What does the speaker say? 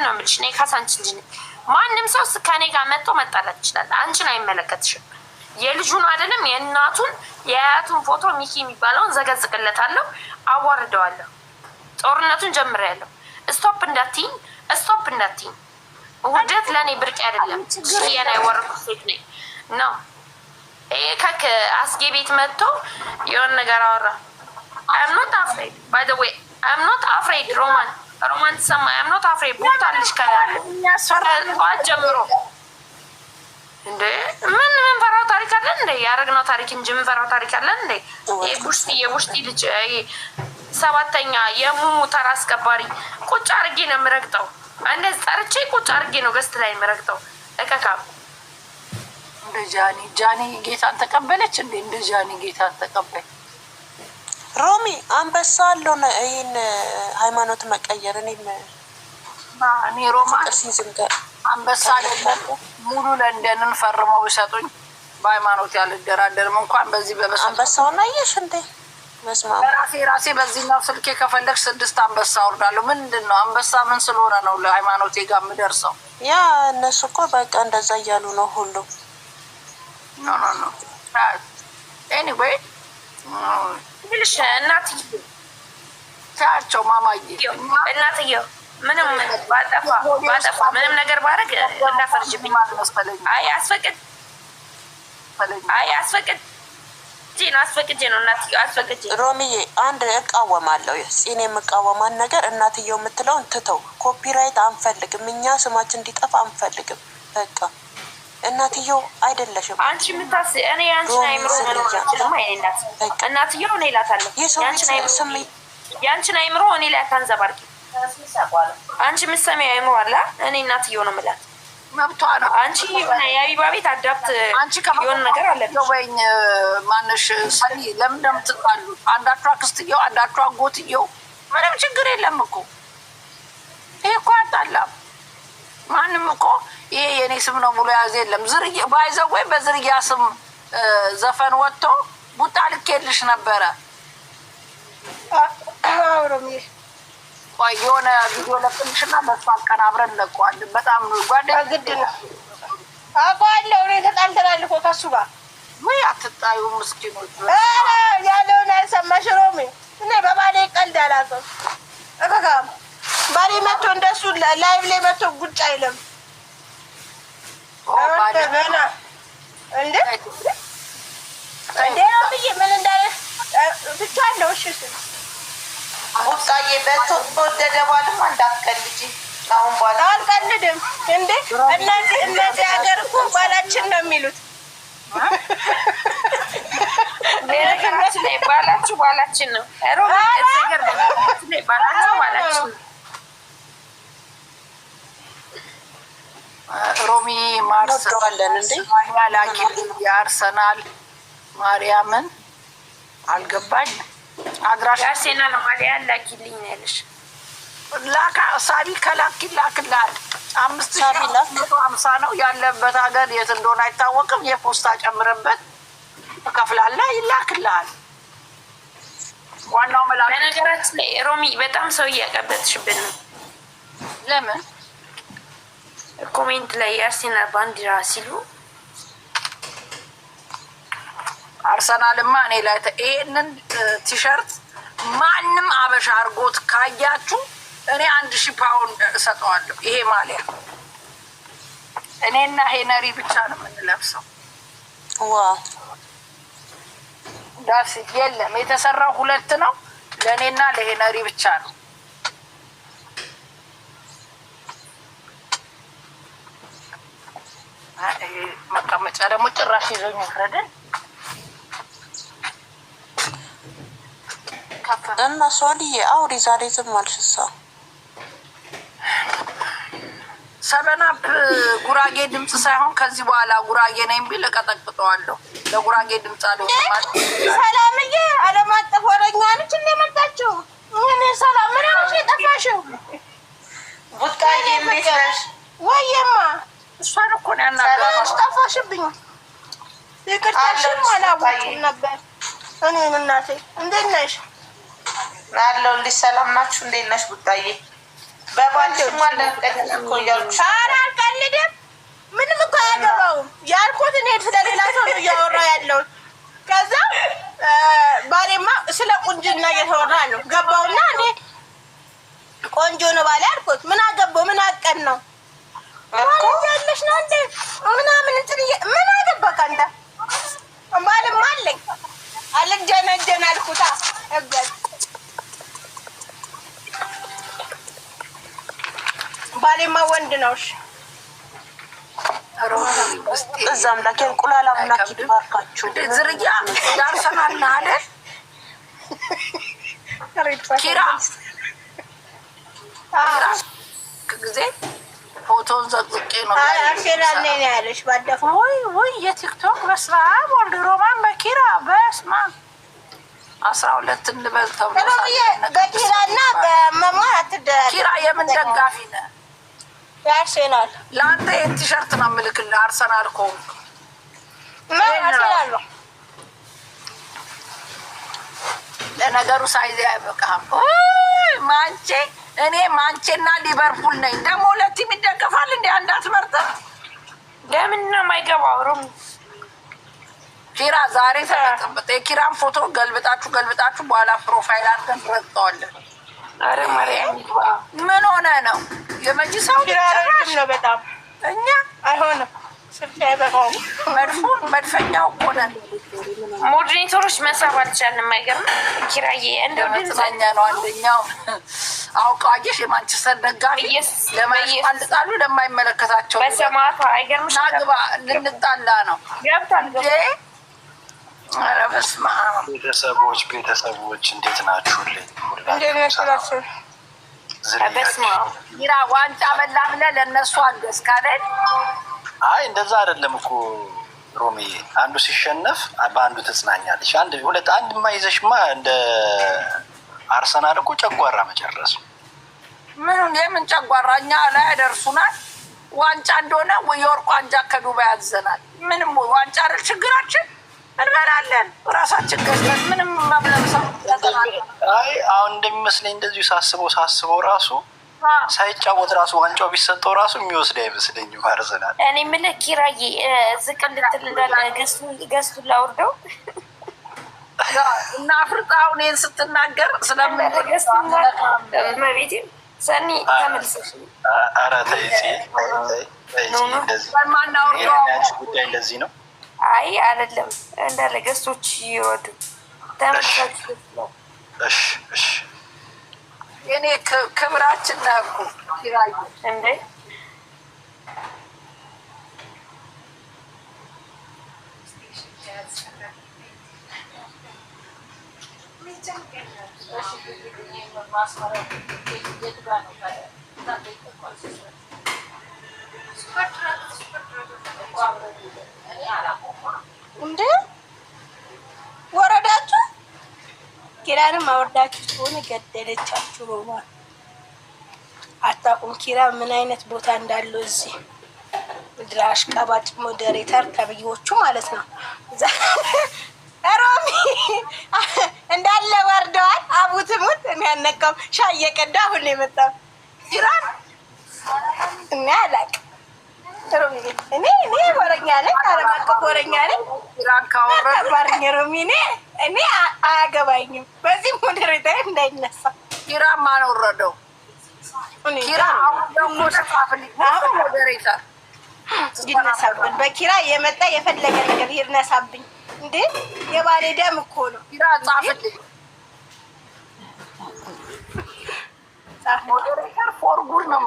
ነው የምልሽ። እኔ ካሳንቺ እንጂ ማንም ሰው ከኔ ጋር መጥቶ መጣላት ይችላል። አንቺን አይመለከትሽም። የልጁን አይደለም የእናቱን የአያቱን ፎቶ ሚኪ የሚባለውን ዘገዝቅለታለሁ፣ አዋርደዋለሁ። ጦርነቱን ጀምሬያለሁ። ስቶፕ እንዳትኝ፣ ስቶፕ እንዳትኝ። ውደት ለእኔ ብርቅ አይደለም። ሽያን ሴት ነኝ ነው ከክ አስጌ ቤት መጥቶ የሆነ ነገር አወራ። አምኖት አፍሬድ ባይ ዘ ዌይ አምኖት አፍሬድ ሮማን ሮማንቲክ ሰማይ አምኖት አፍሬ ቦታልሽ ከጠዋት ጀምሮ እንዴ ምን ምንፈራው ታሪክ አለን እንዴ? ያደረግነው ታሪክ እንጂ ምንፈራው ታሪክ አለን እንዴ? የቡሽቲ የቡሽቲ ልጅ ሰባተኛ የሙሙ ተራ አስከባሪ ቁጭ አርጌ ነው የምረግጠው። እንደዚ ጠርቼ ቁጭ አርጌ ነው ገስት ላይ የምረግጠው። እከካ እንደ ጃኒ ጃኒ ጌታን ተቀበለች እንዴ? እንደ ጃኒ ጌታን ተቀበለች። ሮሚ አንበሳ አለሆነ ይህን ሃይማኖት መቀየር እኔም እኔ ሮማ አንበሳ አይደለም ሙሉ ለንደንን ፈርመው ቢሰጡኝ በሃይማኖት ያልደራደርም። እንኳን በዚህ በበስ አንበሳ ሆነ አየሽ እንዴ ራሴ ራሴ በዚህኛው ስልኬ ከፈለግ ስድስት አንበሳ አወርዳለሁ። ምንድን ነው አንበሳ ምን ስለሆነ ነው ለሃይማኖቴ ጋር የምደርሰው? ያ እነሱ እኮ በቃ እንደዛ እያሉ ነው ሁሉ ኖ ኖ ኖ ኤኒዌይ ልሽ ማማዬ ምንም ባጠፋ ባጠፋ ምንም ነገር ባደርግ እንዳፈርጅብኝ። አስፈቅድ አስፈቅድ ሮሚዬ አንድ እቃወማለሁ ጽኔ የምቃወማን ነገር እናትየው የምትለውን ትተው፣ ኮፒራይት አንፈልግም እኛ ስማችን እንዲጠፋ አንፈልግም በቃ እናትየው አይደለሽም አንቺ የምታስ እኔ ያንቺን አይምሮ ምንም አይነት እናትየው እኔ እላታለሁ። ያንቺን አይምሮ እኔ ላይ አታንዘባርቂ። አንቺ የምትሰሚው አይምሮ አለ። እኔ እናትየው ነው የምላት። መብቷ ነው። አንቺ የአቢባ ቤት አዳፕት የሆነ ነገር አለ። ወይኝ ማነሽ ሰኒ፣ ለምን እንደምትጣሉ አንዳችሁ አክስትየው፣ አንዳችሁ አጎትየው፣ ምንም ችግር የለም እኮ ይህ እኮ አጣላም ማንም እኮ ይሄ የኔ ስም ነው ብሎ ያዘ የለም። ዝርያ ባይዘው ወይ በዝርያ ስም ዘፈን ወጥቶ ቡጣ ልኬልሽ ነበረ። ቆይ የሆነ ቪዲዮ ለቅልሽና በሱ አቀናብረን ለቀዋል። በጣም ጓደኛ ግድ ነው አውቀዋለሁ። እኔ ተጣልተናል እኮ ከሱ ጋር ወይ አትጣዩ ምስኪኖች። ያለውን አልሰማሽ ሮሚ? እኔ በባሌ ቀልድ አላውቅም። ባሌ መቶ እንደሱ ላይቭ ላይ መቶ ጉጭ አይለም ኧረ በና እንደ እንደ ነው ምን እንዳለ ብቻ አለው። እሺ ቡጣዬ በተወደደ ባልማ እንዳትቀልጂ። አሁን በኋላ አልቀልድም። እንደ እነዚህ እነዚህ ሀገር እኮ ባላችን ነው የሚሉት ባላችሁ ባላችን ነው እናስባለን እንዴ የአርሰናል ማርያምን አልገባኝ። አድራሽ የአርሴናል ማሊያ ላኪልኝ ነው ያለሽ። ላካ ሳቢ ከላኪ ላክላል። አምስት ሺ መቶ ሀምሳ ነው ያለበት ሀገር የት እንደሆነ አይታወቅም። የፖስታ ጨምረበት እከፍላለ ይላክልሃል። ዋናው መላ በነገራችን ላይ ሮሚ በጣም ሰው እያቀበጥሽብን ነው። ለምን ኮሜንት ላይ የአርሴናል ባንዲራ ሲሉ አርሰናልማ እኔ ላይ ይሄንን ቲሸርት ማንም አበሻ አድርጎት ካያችሁ እኔ አንድ ሺህ ፓውንድ እሰጠዋለሁ። ይሄ ማሊያ እኔና ሄነሪ ብቻ ነው የምንለብሰው። ዋ ዳስ የለም የተሰራው ሁለት ነው፣ ለእኔና ለሄነሪ ብቻ ነው። መቀመጫ ደግሞ ጭራሽ ይዞኝ ወረድን። እና ሶልዬ አውሪ ዛሬ ዝም አልሽሳ። ሰበናፕ ጉራጌ ድምፅ ሳይሆን ከዚህ በኋላ ጉራጌ ነኝ ቢል እቀጠቅጠዋለሁ። ለጉራጌ ድምፅ አለ ይቅርታሽን ይቅርታሽን አላወኩም ነበር። እኔም እናቴ እንዴት ነሽ? አለሁ። እንዴት ሰላም ናችሁ? እንዴት ነሽ ቡጣዬ? በባልሽም አልቀልድም እኮ ምንም እኮ አያገባውም ያልኩት እኔ ስለሌላ ሰው ነው እያወራሁ ያለሁት። ከዛ ባሌማ ስለ ቁንጅና እየተወራ ነው። ገባውና እኔ ቆንጆ ነው ባሌ አልኩት። ምን አገባው? ምን አቀን ነው አድርገሽ ነው እንደ ምናምን እንትን ምን አገባህ አንተ? ባልም አለኝ አልጀነጀን አልኩታ እበት ባሌማ ወንድ ነው። እሺ እዛ አምላክ እንቁላል አምላክ ይባርካችሁ። ዝርያ ዳርሰናል አይደል? ኪራ ጊዜ ፎቶን ዘቅዝቄ ነው ያለሽ። ባለፈው ወይ ወይ የቲክቶክ በስራም ወልድ ሮማን በኪራ በስማ አስራ ሁለት እንበል ተብሎ በኪራና በመማር አትደራል። ኪራ የምን ደጋፊ ነህ? የአርሴናል ለአንተ ይህን ቲሸርት ነው የምልክልህ። አርሰናል ከሆንክ ለነገሩ ሳይዜ አይበቃም ማንቼ እኔ ማንቼና ሊቨርፑል ነኝ። ደግሞ ሁለትም ይደገፋል። እንዲ አንዳት አትመርጥም። ለምን ነው የማይገባው? ሩም ኪራ ዛሬ ተጠበጠ። የኪራን ፎቶ ገልብጣችሁ ገልብጣችሁ በኋላ ፕሮፋይል አድርገን ረግጠዋለን። ምን ሆነ ነው የመጂ ሰው ነው በጣም እኛ አይሆንም። መድፉን መድፈኛው እኮ ነን። ሞዴሬተሮች መሳብ አልቻልንም። አይገርም ኪራዬ፣ እንደው ድምፅ ነው አንደኛው አውቀው አየሽ፣ የማንቸስተር ደጋፊ ለማያስጣልጣሉ ለማይመለከታቸው ናግባ ልንጣላ ነው። ቤተሰቦች ቤተሰቦች እንዴት ናችሁልኝ? ራ ዋንጫ በላ ብለህ ለእነሱ አንዱ እስካለን። አይ እንደዛ አይደለም እኮ ሮሚ አንዱ ሲሸነፍ በአንዱ ትጽናኛለች። አንድ ሁለት አንድ ማ ይዘሽማ እንደ አርሰናል እኮ ጨጓራ መጨረሱ ምን የምን ጨጓራ እኛ ላይ ያደርሱናል። ዋንጫ እንደሆነ የወርቅ ዋንጫ ከዱባ ያዘናል። ምንም ዋንጫ አይደል ችግራችን፣ እንበላለን ራሳችን ገዝተን ምንም መብለም ሰው አይ አሁን እንደሚመስለኝ እንደዚሁ ሳስበው ሳስበው ራሱ ሳይጫወት ራሱ ዋንጫው ቢሰጠው ራሱ የሚወስድ አይመስለኝም አርሰናል። እኔ የምልህ ኪራዬ ዝቅ እንድትል ገዝቱን ላውርደው እና ፍርጥ አሁን ይህን ስትናገር ስለመቤቴ አይ አይደለም፣ እንዳለ ገዝቶች ይወዱ ተመልሳችሁ ክብራችን ነው እኮ ይራዩ እንዴ እንደ ወረዳችሁ ኪራንም አወርዳችሁ ከሆነ ገደለቻችሁ ሆኗል። አታውቁም ኪራ ምን አይነት ቦታ እንዳለው እዚህ ምድራሽ ቀባጭ ሞዴሬተር ተብዬዎቹ ማለት ነው። ሮሚ እንዳለ ወርደዋል። አቡ ትሙት እኔ አልነቃሁም። ሻይ እየቀዳ አሁን ነው የመጣው። ግራም እኔ አላውቅም። እኔ እኔ ወረኛ ነኝ፣ ዓለም አቀፍ ወረኛ ነኝ። ከባርኝ ሮሚ እኔ እኔ አያገባኝም። በዚህ ሞዴሬተር እንዳይነሳ ግራም ማን ወረደው? ግራም በኪራ የመጣ የፈለገ ነገር ይነሳብኝ እንዴ የባሌ ደም እኮ ነው። ጻፍልኝ ፎር ጉድ ነው።